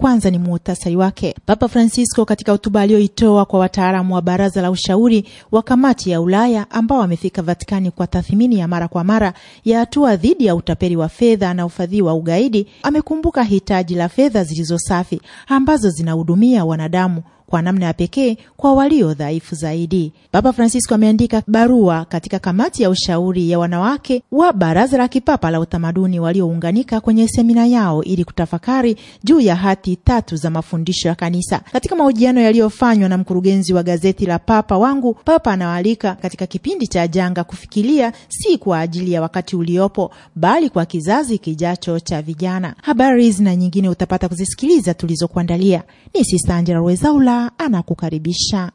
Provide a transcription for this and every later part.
kwanza ni muhtasari wake. Papa Francisco katika hotuba aliyoitoa kwa wataalamu wa baraza la ushauri wa kamati ya Ulaya ambao wamefika Vatikani kwa tathmini ya mara kwa mara ya hatua dhidi ya utapeli wa fedha na ufadhili wa ugaidi, amekumbuka hitaji la fedha zilizo safi ambazo zinahudumia wanadamu kwa namna ya pekee kwa walio dhaifu zaidi. Papa Francisco ameandika barua katika kamati ya ushauri ya wanawake wa Baraza la Kipapa la Utamaduni waliounganika kwenye semina yao ili kutafakari juu ya hati tatu za mafundisho ya Kanisa. Katika mahojiano yaliyofanywa na mkurugenzi wa gazeti la Papa Wangu, Papa anawaalika katika kipindi cha janga kufikiria si kwa ajili ya wakati uliopo, bali kwa kizazi kijacho cha vijana. Habari hizi na nyingine utapata kuzisikiliza tulizokuandalia. Ni Sista Angela Rwezaula anakukaribisha.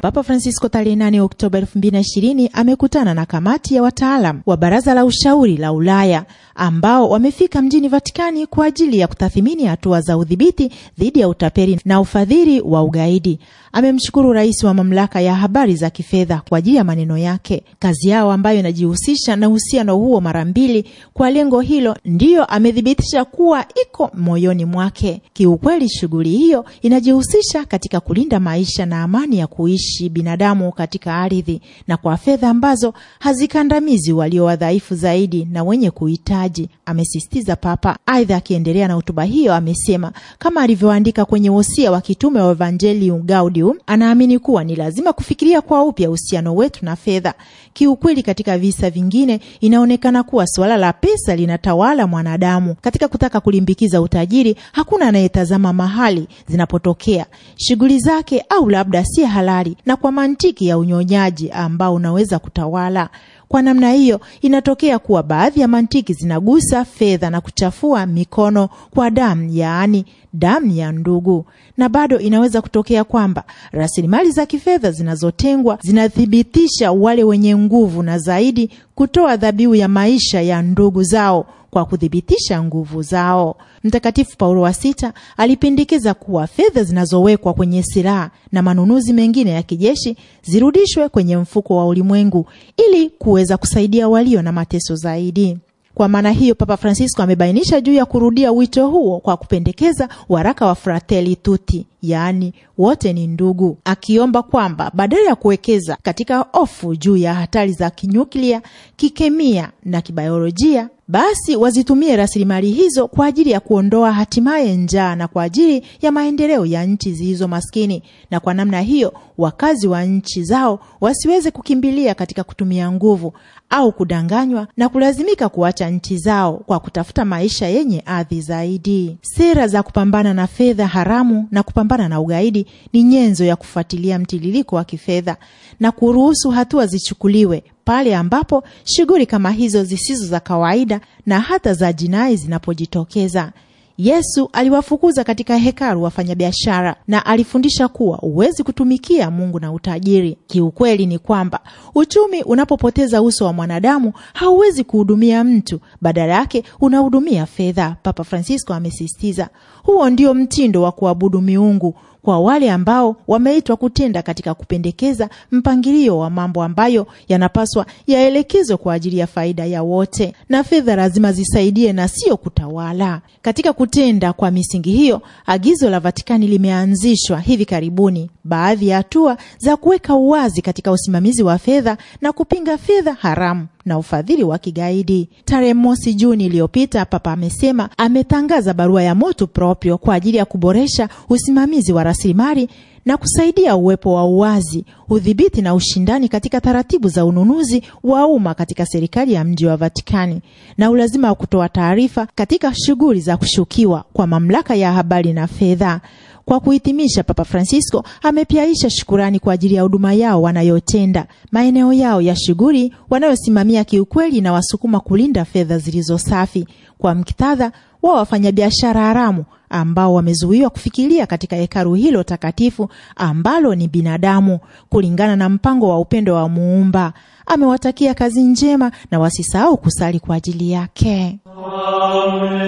Papa Francisco tarehe 8 Oktoba 2020 amekutana na kamati ya wataalam wa Baraza la Ushauri la Ulaya ambao wamefika mjini Vatikani kwa ajili ya kutathimini hatua za udhibiti dhidi ya utapeli na ufadhili wa ugaidi. Amemshukuru rais wa mamlaka ya habari za kifedha kwa ajili ya maneno yake. Kazi yao ambayo inajihusisha na uhusiano huo mara mbili kwa lengo hilo, ndiyo amethibitisha kuwa iko moyoni mwake. Kiukweli, shughuli hiyo inajihusisha katika kulinda maisha na amani ya kuishi kuishi binadamu katika ardhi na kwa fedha ambazo hazikandamizi walio wadhaifu zaidi na wenye kuhitaji, amesisitiza Papa. Aidha, akiendelea na hotuba hiyo, amesema kama alivyoandika kwenye wosia wa kitume wa Evangelium Gaudium, anaamini kuwa ni lazima kufikiria kwa upya uhusiano wetu na fedha. Kiukweli, katika visa vingine inaonekana kuwa suala la pesa linatawala mwanadamu katika kutaka kulimbikiza utajiri. Hakuna anayetazama mahali zinapotokea shughuli zake, au labda si halali, na kwa mantiki ya unyonyaji ambao unaweza kutawala. Kwa namna hiyo, inatokea kuwa baadhi ya mantiki zinagusa fedha na kuchafua mikono kwa damu, yaani damu ya ndugu, na bado inaweza kutokea kwamba rasilimali za kifedha zinazotengwa zinathibitisha wale wenye nguvu na zaidi kutoa dhabihu ya maisha ya ndugu zao kwa kuthibitisha nguvu zao. Mtakatifu Paulo wa Sita alipendekeza kuwa fedha zinazowekwa kwenye silaha na manunuzi mengine ya kijeshi zirudishwe kwenye mfuko wa ulimwengu ili kuweza kusaidia walio na mateso zaidi. Kwa maana hiyo, Papa Francisco amebainisha juu ya kurudia wito huo kwa kupendekeza waraka wa Fratelli Tutti, yaani wote ni ndugu, akiomba kwamba badala ya kuwekeza katika hofu juu ya hatari za kinyuklia, kikemia na kibayolojia basi wazitumie rasilimali hizo kwa ajili ya kuondoa hatimaye njaa na kwa ajili ya maendeleo ya nchi zilizo maskini, na kwa namna hiyo wakazi wa nchi zao wasiweze kukimbilia katika kutumia nguvu, au kudanganywa na kulazimika kuacha nchi zao kwa kutafuta maisha yenye adhi zaidi. Sera za kupambana na fedha haramu na kupambana na ugaidi ni nyenzo ya kufuatilia mtiririko wa kifedha na kuruhusu hatua zichukuliwe pale ambapo shughuli kama hizo zisizo za kawaida na hata za jinai zinapojitokeza. Yesu aliwafukuza katika hekalu wafanyabiashara na alifundisha kuwa huwezi kutumikia Mungu na utajiri. Kiukweli ni kwamba uchumi unapopoteza uso wa mwanadamu hauwezi kuhudumia mtu, badala yake unahudumia fedha. Papa Francisco amesisitiza, huo ndio mtindo wa kuabudu miungu kwa wale ambao wameitwa kutenda katika kupendekeza mpangilio wa mambo ambayo yanapaswa yaelekezwe kwa ajili ya faida ya wote, na fedha lazima zisaidie na sio kutawala katika kutenda. Kwa misingi hiyo, agizo la Vatikani limeanzishwa hivi karibuni baadhi ya hatua za kuweka uwazi katika usimamizi wa fedha na kupinga fedha haramu na ufadhili wa kigaidi. Tarehe mosi Juni iliyopita, Papa amesema ametangaza barua ya motu proprio kwa ajili ya kuboresha usimamizi wa rasilimali na kusaidia uwepo wa uwazi, udhibiti na ushindani katika taratibu za ununuzi wa umma katika serikali ya mji wa Vatikani na ulazima wa kutoa taarifa katika shughuli za kushukiwa kwa mamlaka ya habari na fedha. Kwa kuhitimisha, Papa Francisco amepiaisha shukurani kwa ajili ya huduma yao wanayotenda, maeneo yao ya shughuli wanayosimamia, kiukweli na wasukuma kulinda fedha zilizo safi kwa mktadha wa wafanyabiashara haramu ambao wamezuiwa kufikiria katika hekalu hilo takatifu ambalo ni binadamu, kulingana na mpango wa upendo wa Muumba. Amewatakia kazi njema na wasisahau kusali kwa ajili yake. Amen.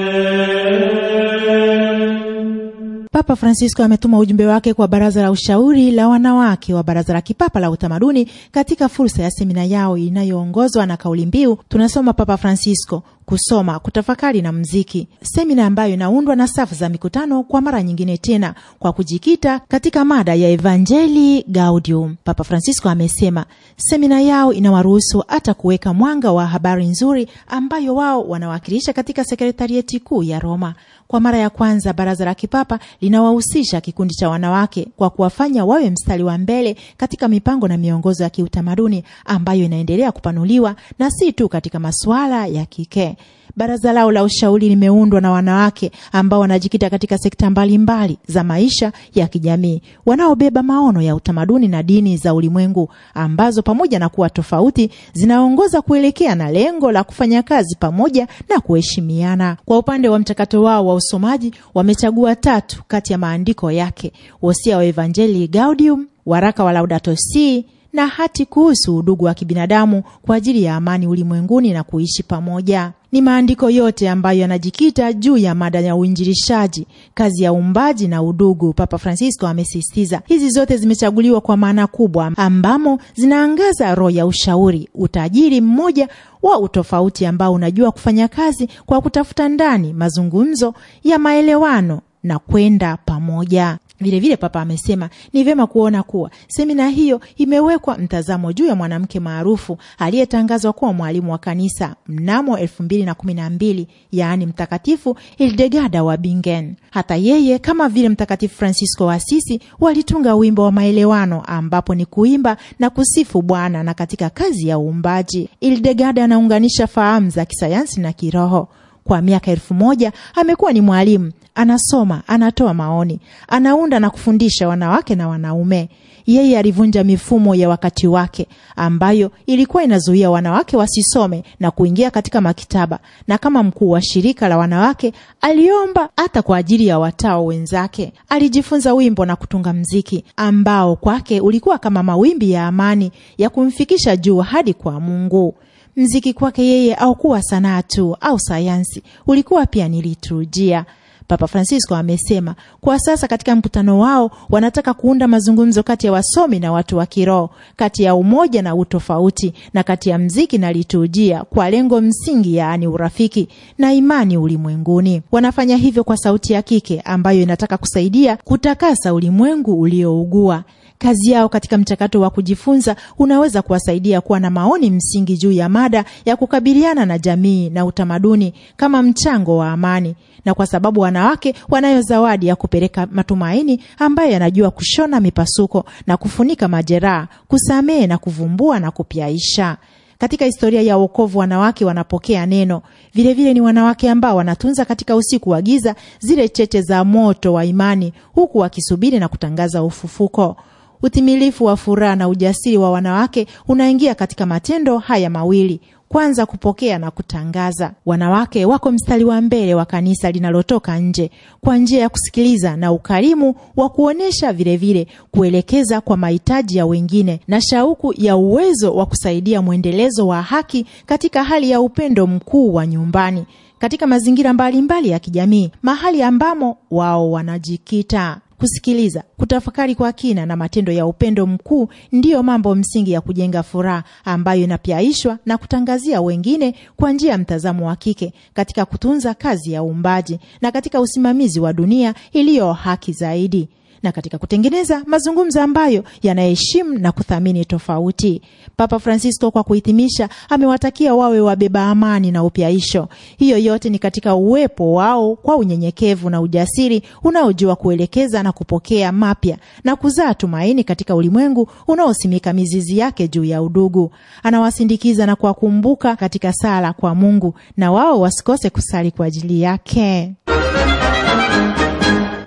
Papa Francisco ametuma ujumbe wake kwa baraza la ushauri la wanawake wa baraza la kipapa la utamaduni katika fursa ya semina yao inayoongozwa na kauli mbiu tunasoma Papa Francisco kusoma, kutafakari na mziki. Semina ambayo inaundwa na safu za mikutano kwa mara nyingine tena kwa kujikita katika mada ya Evangelii Gaudium. Papa Francisco amesema semina yao inawaruhusu hata kuweka mwanga wa habari nzuri ambayo wao wanawakilisha katika sekretarieti kuu ya Roma. Kwa mara ya kwanza baraza la kipapa linawahusisha kikundi cha wanawake kwa kuwafanya wawe mstari wa mbele katika mipango na miongozo ya kiutamaduni ambayo inaendelea kupanuliwa na si tu katika masuala ya kike. Baraza lao la ushauri limeundwa na wanawake ambao wanajikita katika sekta mbalimbali mbali za maisha ya kijamii, wanaobeba maono ya utamaduni na dini za ulimwengu ambazo pamoja na kuwa tofauti zinaongoza kuelekea na lengo la kufanya kazi pamoja na kuheshimiana. Kwa upande wa mchakato wao wa usomaji, wamechagua tatu kati ya maandiko yake: wosia wa Evangelii Gaudium, waraka wa Laudato Si na hati kuhusu udugu wa kibinadamu kwa ajili ya amani ulimwenguni na kuishi pamoja. Ni maandiko yote ambayo yanajikita juu ya mada ya uinjilishaji, kazi ya uumbaji na udugu. Papa Francisco amesisitiza hizi zote zimechaguliwa kwa maana kubwa, ambamo zinaangaza roho ya ushauri, utajiri mmoja wa utofauti ambao unajua kufanya kazi kwa kutafuta ndani mazungumzo ya maelewano na kwenda pamoja. Vilevile Papa amesema ni vyema kuona kuwa semina hiyo imewekwa mtazamo juu ya mwanamke maarufu aliyetangazwa kuwa mwalimu wa kanisa mnamo elfu mbili na kumi na mbili, yaani Mtakatifu Hildegarda wa Bingen. Hata yeye kama vile Mtakatifu Francisco wa Asisi walitunga wimbo wa maelewano, ambapo ni kuimba na kusifu Bwana na katika kazi ya uumbaji. Hildegarda anaunganisha fahamu za kisayansi na kiroho kwa miaka elfu moja amekuwa ni mwalimu, anasoma, anatoa maoni, anaunda na kufundisha wanawake na wanaume. Yeye alivunja mifumo ya wakati wake ambayo ilikuwa inazuia wanawake wasisome na kuingia katika maktaba, na kama mkuu wa shirika la wanawake aliomba hata kwa ajili ya watao wenzake. Alijifunza wimbo na kutunga mziki ambao kwake ulikuwa kama mawimbi ya amani ya kumfikisha juu hadi kwa Mungu mziki kwake yeye aukuwa sanaa tu au sayansi, ulikuwa pia ni liturujia. Papa Francisco amesema kwa sasa katika mkutano wao wanataka kuunda mazungumzo kati ya wasomi na watu wa kiroho, kati ya umoja na utofauti, na kati ya mziki na liturujia, kwa lengo msingi, yaani urafiki na imani ulimwenguni. Wanafanya hivyo kwa sauti ya kike ambayo inataka kusaidia kutakasa ulimwengu uliougua. Kazi yao katika mchakato wa kujifunza unaweza kuwasaidia kuwa na maoni msingi juu ya mada ya kukabiliana na jamii na utamaduni kama mchango wa amani, na kwa sababu wanawake wanayo zawadi ya kupeleka matumaini ambayo yanajua kushona mipasuko na kufunika majeraha, kusamehe na kuvumbua na kupyaisha. Katika historia ya wokovu wanawake wanapokea neno. Vilevile vile ni wanawake ambao wanatunza katika usiku wa giza zile cheche za moto wa imani, huku wakisubiri na kutangaza ufufuko. Utimilifu wa furaha na ujasiri wa wanawake unaingia katika matendo haya mawili. Kwanza, kupokea na kutangaza. Wanawake wako mstari wa mbele wa kanisa linalotoka nje kwa njia ya kusikiliza na ukarimu wa kuonyesha, vilevile kuelekeza kwa mahitaji ya wengine na shauku ya uwezo wa kusaidia mwendelezo wa haki katika hali ya upendo mkuu wa nyumbani katika mazingira mbalimbali mbali ya kijamii, mahali ambamo wao wanajikita kusikiliza, kutafakari kwa kina na matendo ya upendo mkuu ndiyo mambo msingi ya kujenga furaha ambayo inapyaishwa na kutangazia wengine kwa njia ya mtazamo wa kike katika kutunza kazi ya uumbaji na katika usimamizi wa dunia iliyo haki zaidi na katika kutengeneza mazungumzo ambayo yanaheshimu na kuthamini tofauti. Papa Francisco, kwa kuhitimisha, amewatakia wawe wabeba amani na upyaisho. Hiyo yote ni katika uwepo wao kwa unyenyekevu na ujasiri unaojua kuelekeza na kupokea mapya na kuzaa tumaini katika ulimwengu unaosimika mizizi yake juu ya udugu. Anawasindikiza na kuwakumbuka katika sala kwa Mungu, na wao wasikose kusali kwa ajili yake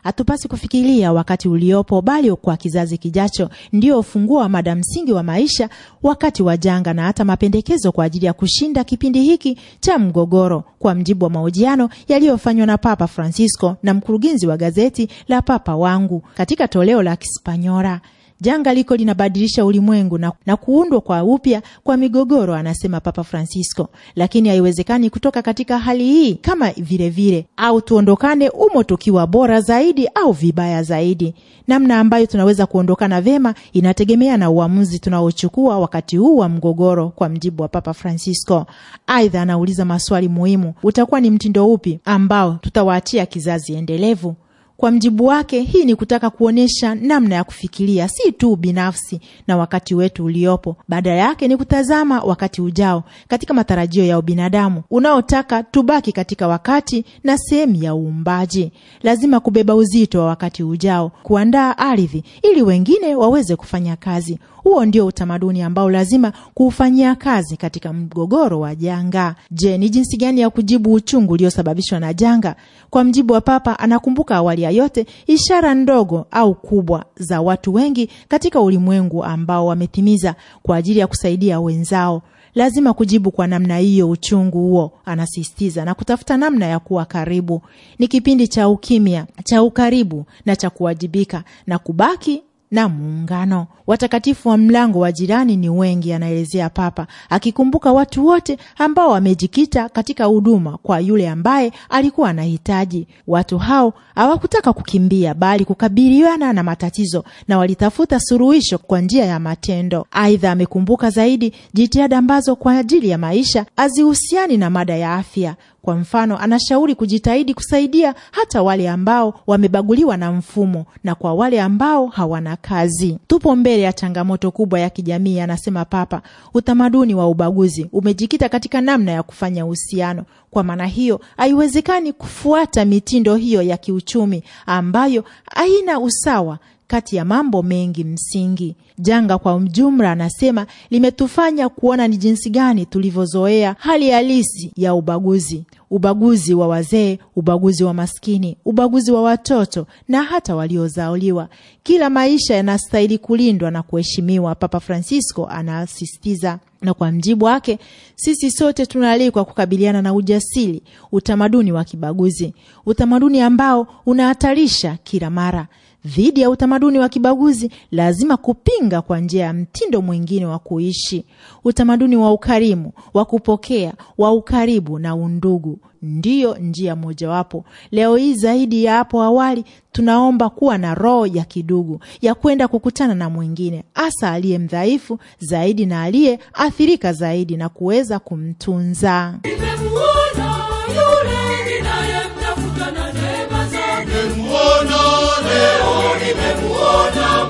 hatupasi kufikiria wakati uliopo, bali kwa kizazi kijacho, ndio ufunguo wa mada msingi wa maisha wakati wa janga, na hata mapendekezo kwa ajili ya kushinda kipindi hiki cha mgogoro, kwa mjibu wa mahojiano yaliyofanywa na Papa Francisco na mkurugenzi wa gazeti la Papa Wangu katika toleo la Kispanyora. Janga liko linabadilisha ulimwengu na, na kuundwa kwa upya kwa migogoro, anasema Papa Francisco, lakini haiwezekani kutoka katika hali hii kama vilevile vile, au tuondokane umo tukiwa bora zaidi au vibaya zaidi. Namna ambayo tunaweza kuondokana vema inategemea na uamuzi tunaochukua wakati huu wa mgogoro, kwa mjibu wa Papa Francisco. Aidha, anauliza maswali muhimu: utakuwa ni mtindo upi ambao tutawaachia kizazi endelevu? Kwa mjibu wake, hii ni kutaka kuonyesha namna ya kufikiria si tu binafsi na wakati wetu uliopo, badala yake ni kutazama wakati ujao katika matarajio ya ubinadamu unaotaka tubaki katika wakati na sehemu ya uumbaji. Lazima kubeba uzito wa wakati ujao, kuandaa ardhi ili wengine waweze kufanya kazi. Huo ndio utamaduni ambao lazima kuufanyia kazi katika mgogoro wa janga. Je, ni jinsi gani ya kujibu uchungu uliosababishwa na janga? Kwa mjibu wa Papa, anakumbuka awali yote ishara ndogo au kubwa za watu wengi katika ulimwengu ambao wametimiza kwa ajili ya kusaidia wenzao. Lazima kujibu kwa namna hiyo uchungu huo, anasisitiza, na kutafuta namna ya kuwa karibu. Ni kipindi cha ukimya, cha ukaribu na cha kuwajibika na kubaki na muungano. Watakatifu wa mlango wa jirani ni wengi, anaelezea Papa, akikumbuka watu wote ambao wamejikita katika huduma kwa yule ambaye alikuwa anahitaji. Watu hao hawakutaka kukimbia, bali kukabiliana na matatizo na walitafuta suluhisho kwa njia ya matendo. Aidha, amekumbuka zaidi jitihada ambazo kwa ajili ya maisha hazihusiani na mada ya afya kwa mfano, anashauri kujitahidi kusaidia hata wale ambao wamebaguliwa na mfumo na kwa wale ambao hawana kazi. Tupo mbele ya changamoto kubwa ya kijamii, anasema Papa. Utamaduni wa ubaguzi umejikita katika namna ya kufanya uhusiano. Kwa maana hiyo, haiwezekani kufuata mitindo hiyo ya kiuchumi ambayo haina usawa kati ya mambo mengi msingi. Janga kwa mjumra anasema limetufanya kuona ni jinsi gani tulivyozoea hali halisi ya ubaguzi: ubaguzi wa wazee, ubaguzi wa maskini, ubaguzi wa watoto na hata waliozauliwa. Kila maisha yanastahili kulindwa na kuheshimiwa, Papa Francisco anasisitiza na kwa mjibu wake sisi sote tunaalikwa kukabiliana na ujasiri utamaduni wa kibaguzi, utamaduni ambao unahatarisha kila mara. Dhidi ya utamaduni wa kibaguzi lazima kupinga kujijenga kwa njia ya mtindo mwingine wa kuishi, utamaduni wa ukarimu, wa kupokea, wa ukaribu na undugu ndiyo njia mojawapo. Leo hii zaidi ya hapo awali, tunaomba kuwa na roho ya kidugu ya kwenda kukutana na mwingine, hasa aliye mdhaifu zaidi na aliye athirika zaidi, na kuweza kumtunza. leo,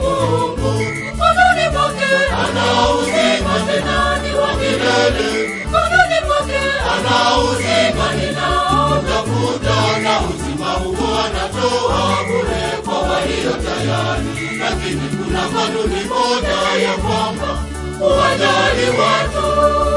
Mungu kweli, Mungu ana uzima ninaotafuta, na uzima huo anatoa bure kwa walio tayari. Lakini kuna kanuni moja ya kwamba huwajali watu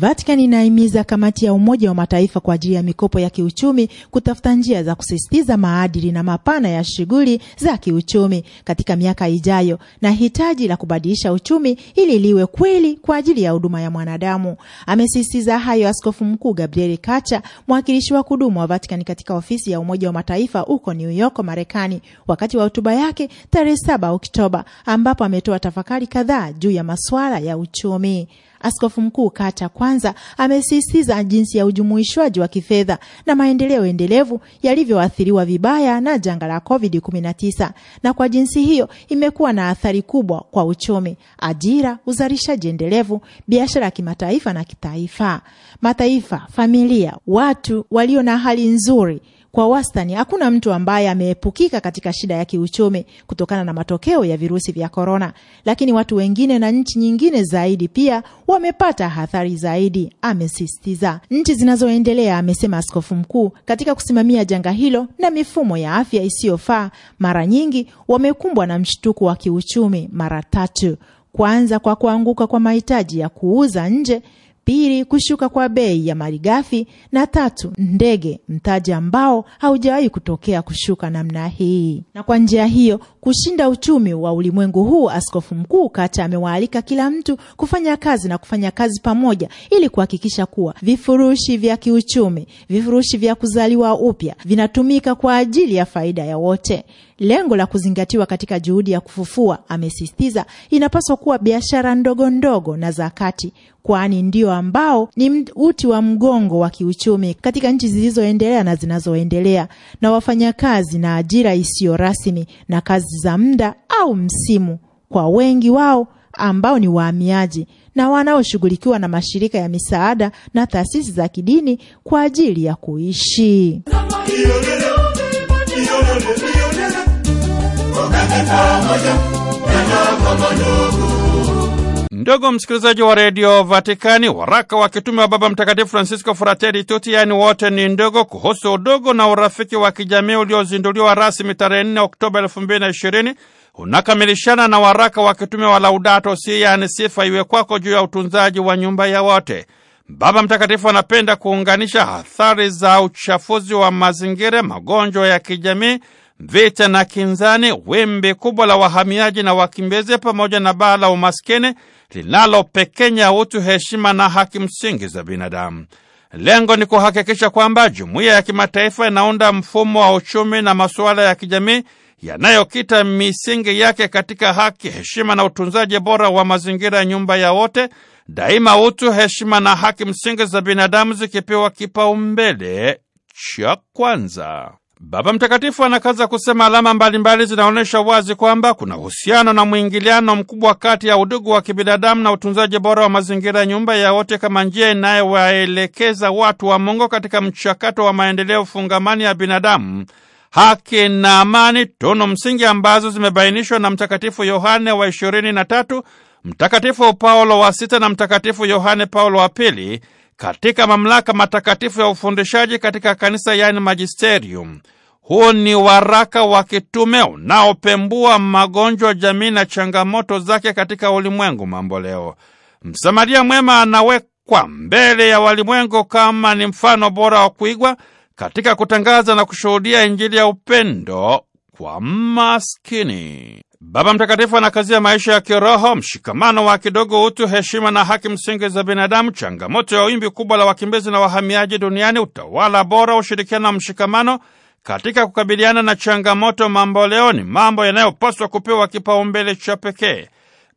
Vatican inahimiza kamati ya Umoja wa Mataifa kwa ajili ya mikopo ya kiuchumi kutafuta njia za kusisitiza maadili na mapana ya shughuli za kiuchumi katika miaka ijayo na hitaji la kubadilisha uchumi ili liwe kweli kwa ajili ya huduma ya mwanadamu. Amesisitiza hayo Askofu Mkuu Gabriel Kacha, mwakilishi wa kudumu wa Vatican katika ofisi ya Umoja wa Mataifa huko New York, Marekani, wakati wa hotuba yake tarehe 7 Oktoba, ambapo ametoa tafakari kadhaa juu ya masuala ya uchumi. Askofu Mkuu Kata kwanza amesisitiza jinsi ya ujumuishwaji wa kifedha na maendeleo endelevu yalivyoathiriwa vibaya na janga la COVID-19 na kwa jinsi hiyo imekuwa na athari kubwa kwa uchumi, ajira, uzalishaji endelevu, biashara ya kimataifa na kitaifa, mataifa, familia, watu walio na hali nzuri kwa wastani hakuna mtu ambaye ameepukika katika shida ya kiuchumi kutokana na matokeo ya virusi vya korona, lakini watu wengine na nchi nyingine zaidi pia wamepata athari zaidi, amesisitiza. Nchi zinazoendelea, amesema askofu mkuu, katika kusimamia janga hilo na mifumo ya afya isiyofaa, mara nyingi wamekumbwa na mshtuko wa kiuchumi mara tatu, kwanza kwa kuanguka kwa mahitaji ya kuuza nje pili, kushuka kwa bei ya malighafi na tatu, ndege, mtaji ambao haujawahi kutokea kushuka namna hii, na kwa njia hiyo kushinda uchumi wa ulimwengu huu. Askofu Mkuu Kata amewaalika kila mtu kufanya kazi na kufanya kazi pamoja ili kuhakikisha kuwa vifurushi vya kiuchumi, vifurushi vya kuzaliwa upya vinatumika kwa ajili ya faida ya wote. Lengo la kuzingatiwa katika juhudi ya kufufua, amesisitiza, inapaswa kuwa biashara ndogo ndogo na za kati, kwani ndio ambao ni uti wa mgongo wa kiuchumi katika nchi zilizoendelea na zinazoendelea, na wafanyakazi na ajira isiyo rasmi na kazi za muda au msimu kwa wengi wao ambao ni wahamiaji na wanaoshughulikiwa na mashirika ya misaada na taasisi za kidini kwa ajili ya kuishi ndogo ndugu. msikilizaji wa redio Vatikani, waraka wa kitume wa Baba Mtakatifu Francisco Fratelli Tutti, yaani wote ni ndogo kuhusu udogo na urafiki wa kijamii uliozinduliwa rasmi tarehe 4 Oktoba 2020 unakamilishana na waraka wa kitume wa Laudato Si, yaani sifa iwe kwako, juu ya utunzaji wa nyumba ya wote. Baba Mtakatifu anapenda kuunganisha athari za uchafuzi wa mazingira, magonjwa ya kijamii vita na kinzani, wimbi kubwa la wahamiaji na wakimbizi, pamoja na baa la umaskini linalopekenya utu, heshima na haki msingi za binadamu. Lengo ni kuhakikisha kwamba jumuiya ya kimataifa inaunda mfumo wa uchumi na masuala ya kijamii yanayokita misingi yake katika haki, heshima na utunzaji bora wa mazingira, nyumba ya wote daima, utu, heshima na haki msingi za binadamu zikipewa kipaumbele cha kwanza. Baba Mtakatifu anakaza kusema alama mbalimbali zinaonyesha wazi kwamba kuna uhusiano na mwingiliano mkubwa kati ya udugu wa kibinadamu na utunzaji bora wa mazingira, nyumba ya wote, kama njia inayowaelekeza watu wa Mungu katika mchakato wa maendeleo fungamani ya binadamu, haki na amani, tunu msingi ambazo zimebainishwa na Mtakatifu Yohane wa 23 na tatu, Mtakatifu Paulo wa sita na Mtakatifu Yohane Paulo wa pili katika mamlaka matakatifu ya ufundishaji katika kanisa, yaani magisterium. Huu ni waraka wa kitume unaopembua magonjwa, jamii na changamoto zake katika ulimwengu mambo leo Msamaria mwema anawekwa mbele ya walimwengu kama ni mfano bora wa kuigwa katika kutangaza na kushuhudia Injili ya upendo kwa maskini. Baba Mtakatifu anakazia maisha ya kiroho, mshikamano wa kidogo, utu, heshima na haki msingi za binadamu, changamoto ya wimbi kubwa la wakimbizi na wahamiaji duniani, utawala bora, ushirikiano na mshikamano katika kukabiliana na changamoto mamboleoni ni mambo yanayopaswa kupewa kipaumbele cha pekee.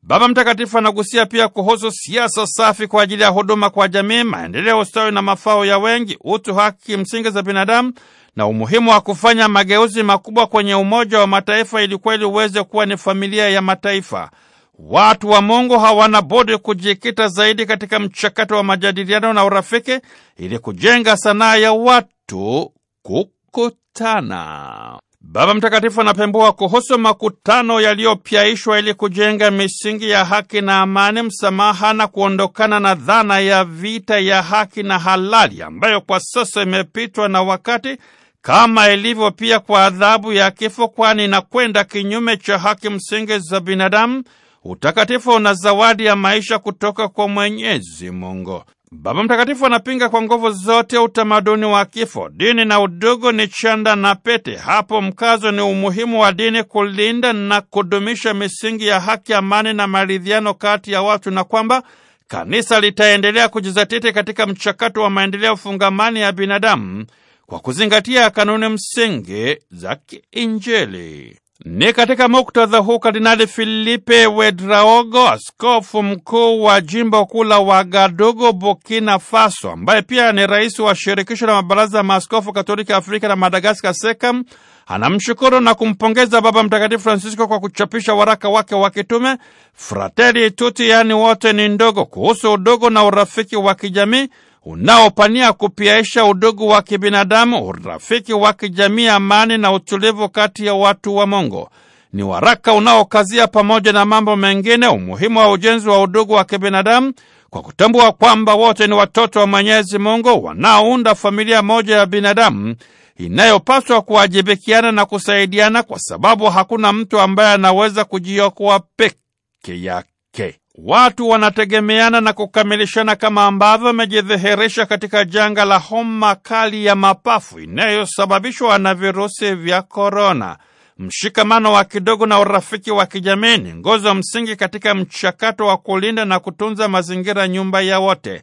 Baba Mtakatifu anagusia pia kuhusu siasa safi kwa ajili ya huduma kwa jamii, maendeleo, ustawi na mafao ya wengi, utu, haki msingi za binadamu na umuhimu wa kufanya mageuzi makubwa kwenye Umoja wa Mataifa ili kweli uweze kuwa ni familia ya mataifa. Watu wa Mungu hawana budi kujikita zaidi katika mchakato wa majadiliano na urafiki ili kujenga sanaa ya watu kukutana. Baba Mtakatifu anapembua kuhusu makutano yaliyopyaishwa ili kujenga misingi ya haki na amani, msamaha na kuondokana na dhana ya vita ya haki na halali ambayo kwa sasa imepitwa na wakati kama ilivyo pia kwa adhabu ya kifo, kwani inakwenda kinyume cha haki msingi za binadamu, utakatifu na zawadi ya maisha kutoka kwa Mwenyezi Mungu. Baba Mtakatifu anapinga kwa nguvu zote utamaduni wa kifo. Dini na udugu ni chanda na pete. Hapo mkazo ni umuhimu wa dini kulinda na kudumisha misingi ya haki, amani na maridhiano kati ya watu, na kwamba kanisa litaendelea kujizatiti katika mchakato wa maendeleo fungamani ya binadamu kwa kuzingatia kanuni msingi za kiinjili. Ni katika muktadha huu Kardinali Filipe Wedraogo, askofu mkuu wa jimbo kuu la Wagadugu, Burkina Faso, ambaye pia ni rais wa shirikisho la mabaraza ya maaskofu Katoliki Afrika na Madagaskar, SEKAM, anamshukuru na kumpongeza Baba Mtakatifu Francisco kwa kuchapisha waraka wake wa kitume Fratelli Tutti, yaani wote ni ndogo, kuhusu udogo na urafiki wa kijamii unaopania kupiaisha udugu wa kibinadamu, urafiki wa kijamii, amani na utulivu kati ya watu wa Mungu. Ni waraka unaokazia pamoja na mambo mengine umuhimu wa ujenzi wa udugu wa kibinadamu kwa kutambua kwamba wote ni watoto wa Mwenyezi Mungu wanaounda familia moja ya binadamu inayopaswa kuwajibikiana na kusaidiana, kwa sababu hakuna mtu ambaye anaweza kujiokoa peke yake. Watu wanategemeana na kukamilishana kama ambavyo wamejidhihirisha katika janga la homa kali ya mapafu inayosababishwa na virusi vya korona. Mshikamano wa kidogo na urafiki wa kijamii ni nguzo msingi katika mchakato wa kulinda na kutunza mazingira, nyumba ya wote.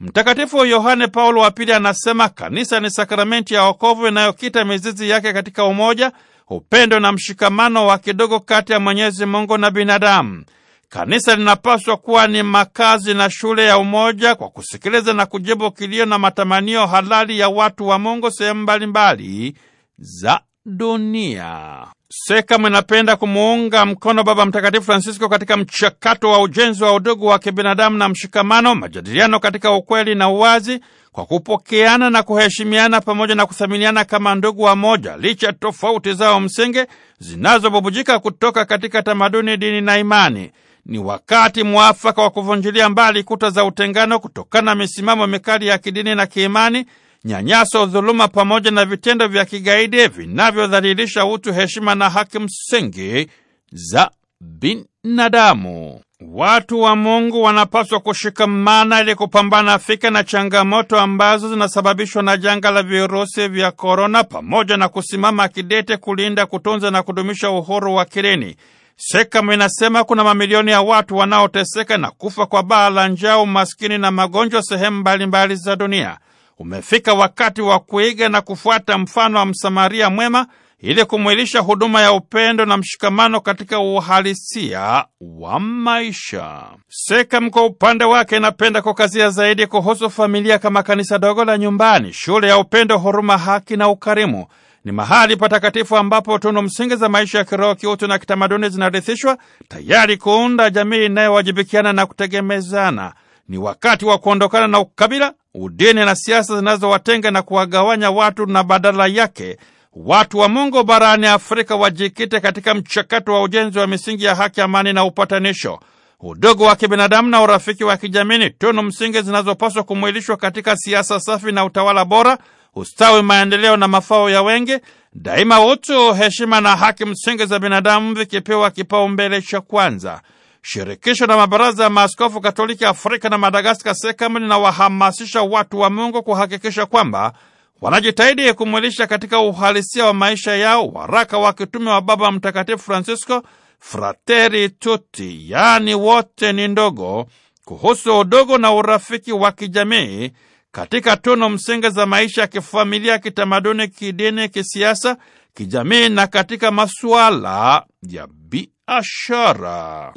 Mtakatifu Yohane Paulo wa Pili anasema kanisa ni sakramenti ya wokovu inayokita mizizi yake katika umoja, upendo na mshikamano wa kidogo kati ya Mwenyezi Mungu na binadamu. Kanisa linapaswa kuwa ni makazi na shule ya umoja kwa kusikiliza na kujibu kilio na matamanio halali ya watu wa Mungu sehemu mbalimbali za dunia. SEKAMU inapenda kumuunga mkono Baba Mtakatifu Francisco katika mchakato wa ujenzi wa udugu wa kibinadamu na mshikamano, majadiliano katika ukweli na uwazi, kwa kupokeana na kuheshimiana pamoja na kuthaminiana kama ndugu wa moja, licha tofauti zao msingi zinazobubujika kutoka katika tamaduni, dini na imani ni wakati mwafaka wa kuvunjilia mbali kuta za utengano kutokana na misimamo mikali ya kidini na kiimani, nyanyaso, dhuluma pamoja na vitendo vya kigaidi vinavyodhalilisha utu, heshima na haki msingi za binadamu. Watu wa Mungu wanapaswa kushikamana ili kupambana fika na changamoto ambazo zinasababishwa na janga la virusi vya korona, pamoja na kusimama kidete kulinda, kutunza na kudumisha uhuru wa kidini. SEKAM inasema kuna mamilioni ya watu wanaoteseka na kufa kwa baa la njaa, umaskini na magonjwa sehemu mbalimbali za dunia. Umefika wakati wa kuiga na kufuata mfano wa Msamaria mwema ili kumwilisha huduma ya upendo na mshikamano katika uhalisia wa maisha. SEKAM kwa upande wake inapenda kukazia zaidi kuhusu familia kama kanisa dogo la nyumbani, shule ya upendo, huruma, haki na ukarimu. Ni mahali patakatifu ambapo tunu msingi za maisha ya kiroho, kiutu na kitamaduni zinarithishwa, tayari kuunda jamii inayowajibikiana na kutegemezana. Ni wakati wa kuondokana na ukabila, udini na siasa zinazowatenga na kuwagawanya watu, na badala yake watu wa Mungu barani Afrika wajikite katika mchakato wa ujenzi wa misingi ya haki, amani na upatanisho. Udogo wa kibinadamu na urafiki wa kijamii ni tunu msingi zinazopaswa kumwilishwa katika siasa safi na utawala bora ustawi, maendeleo na mafao ya wengi daima, utu, heshima na haki msingi za binadamu vikipewa kipaumbele cha kwanza. Shirikisho la mabaraza ya maaskofu Katoliki Afrika na Madagaskar, SEKAM, linawahamasisha watu wa Mungu kuhakikisha kwamba wanajitahidi kumwilisha katika uhalisia wa maisha yao waraka wa kitume wa Baba Mtakatifu Francisco, Frateri tuti yaani wote ni ndogo, kuhusu udogo na urafiki wa kijamii katika tono msingi za maisha ya kifamilia, kitamaduni, kidini, kisiasa, kijamii na katika masuala ya biashara.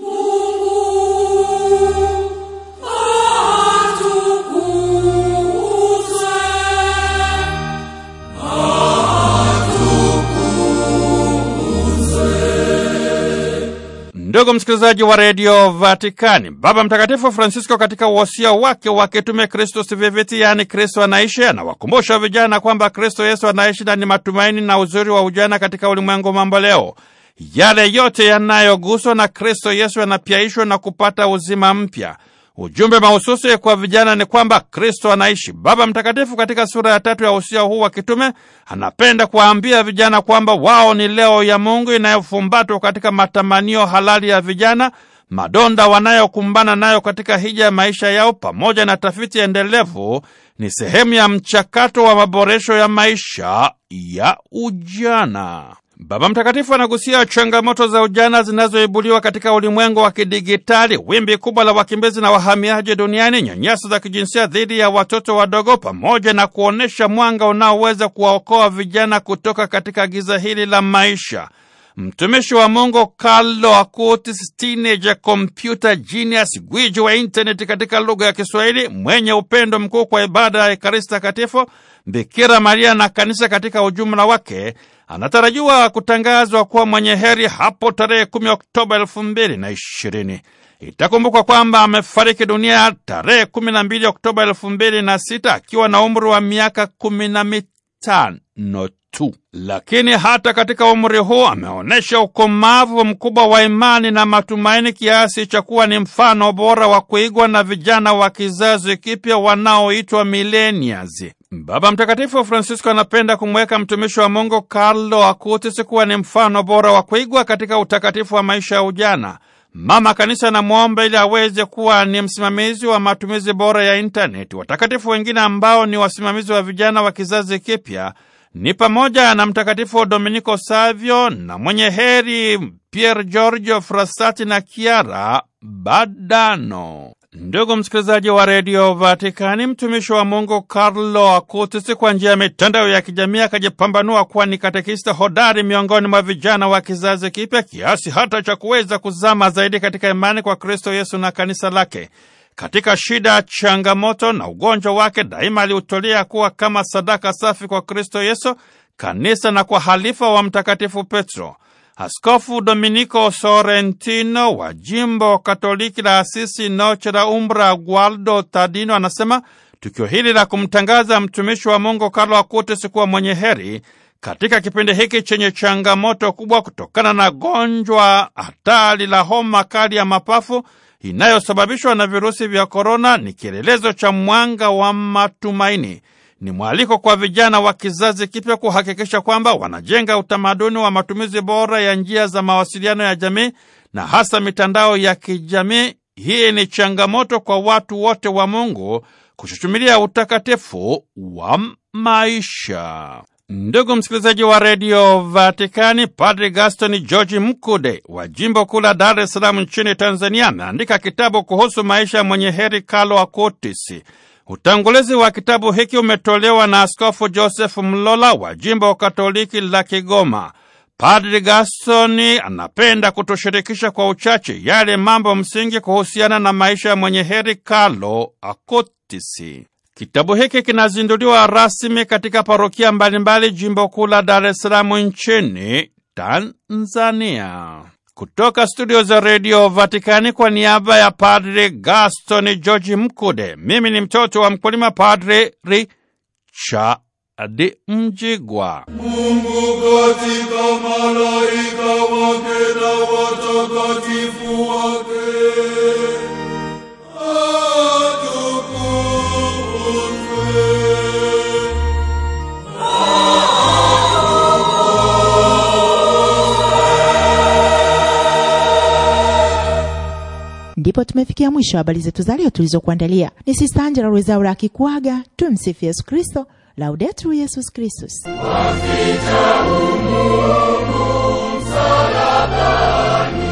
Ndugu msikilizaji wa redio Vatikani, Baba Mtakatifu Francisco katika uhosia wake wa kitume Kristus Vivit, yaani Kristo anaishi, anawakumbusha vijana kwamba Kristo Yesu anaishi na ni matumaini na uzuri wa ujana katika ulimwengu mambo leo. Yale yote yanayoguswa na Kristo Yesu yanapyaishwa na kupata uzima mpya. Ujumbe mahususi kwa vijana ni kwamba Kristo anaishi. Baba Mtakatifu katika sura ya tatu ya usia huu wa kitume anapenda kuwaambia vijana kwamba wao ni leo ya Mungu inayofumbatwa katika matamanio halali ya vijana, madonda wanayokumbana nayo katika hija ya maisha yao, pamoja na tafiti endelevu, ni sehemu ya mchakato wa maboresho ya maisha ya ujana. Baba Mtakatifu anagusia changamoto za ujana zinazoibuliwa katika ulimwengu wa kidigitali, wimbi kubwa la wakimbizi na wahamiaji duniani, nyanyaso za kijinsia dhidi ya watoto wadogo, pamoja na kuonyesha mwanga unaoweza kuwaokoa vijana kutoka katika giza hili la maisha mtumishi wa Mungu Carlo Acutis Stineja, kompyuta genius, gwiji wa intaneti katika lugha ya Kiswahili, mwenye upendo mkuu kwa ibada ya Ekaristi Takatifu, Bikira Maria na kanisa katika ujumla wake, anatarajiwa kutangazwa kuwa mwenye heri hapo tarehe 10 Oktoba 2020. Itakumbukwa kwamba amefariki dunia tarehe 12 Oktoba 2006 akiwa na umri wa miaka kumi na mitano tu. Lakini hata katika umri huu ameonyesha ukomavu mkubwa wa imani na matumaini kiasi cha kuwa ni mfano bora wa kuigwa na vijana wa kizazi kipya wanaoitwa millennials. Baba Mtakatifu Francisco anapenda kumweka mtumishi wa Mungu Carlo Acutis kuwa ni mfano bora wa kuigwa katika utakatifu wa maisha ya ujana. Mama Kanisa anamwomba ili aweze kuwa ni msimamizi wa matumizi bora ya intaneti. Watakatifu wengine ambao ni wasimamizi wa vijana wa kizazi kipya ni pamoja na Mtakatifu Dominiko Savio na mwenye heri Pier Giorgio Frassati na Chiara Badano. Ndugu msikilizaji wa redio Vatikani, mtumishi wa Mungu Carlo Acutis kwa njia ya mitandao ya kijamii akajipambanua kuwa ni katekista hodari miongoni mwa vijana wa kizazi kipya, kiasi hata cha kuweza kuzama zaidi katika imani kwa Kristo Yesu na kanisa lake katika shida, changamoto na ugonjwa wake, daima aliutolea kuwa kama sadaka safi kwa Kristo Yesu, kanisa na kwa halifa wa Mtakatifu Petro. Askofu Dominiko Sorrentino wa jimbo Katoliki la Asisi Noche la Umbra, Gualdo Tadino, anasema tukio hili la kumtangaza mtumishi wa Mungu Carlo Acutis kuwa mwenye heri katika kipindi hiki chenye changamoto kubwa kutokana na gonjwa hatari la homa kali ya mapafu inayosababishwa na virusi vya korona ni kielelezo cha mwanga wa matumaini. Ni mwaliko kwa vijana wa kizazi kipya kuhakikisha kwamba wanajenga utamaduni wa matumizi bora ya njia za mawasiliano ya jamii na hasa mitandao ya kijamii. Hii ni changamoto kwa watu wote wa Mungu kushuchumilia utakatifu wa maisha. Ndugu msikilizaji wa redio Vatikani, Padri Gaston georgi Mkude wa jimbo kuu la Dar es Salaam nchini Tanzania ameandika kitabu kuhusu maisha ya mwenye heri Carlo Acutis. Utangulizi wa kitabu hiki umetolewa na Askofu Joseph Mlola wa jimbo Katoliki la Kigoma. Padri Gaston anapenda kutushirikisha kwa uchache yale mambo msingi kuhusiana na maisha ya mwenye heri Carlo Acutis. Kitabu hiki kinazinduliwa rasmi katika parokia mbalimbali jimbo kuu la Dar es Salaam nchini Tanzania. Kutoka studio za redio Vatikani, kwa niaba ya Padre Gaston George Mkude, mimi ni mtoto wa mkulima, Padre Richard Mjigwa. Mungu katika malaika wake na watakatifu ndipo tumefikia mwisho wa habari zetu za leo tulizokuandalia. Ni Sista Angela Rwezaura akikuaga. Tumsifu Yesu Kristo, Laudetur Yesus Kristus. Waficha umugu msalabani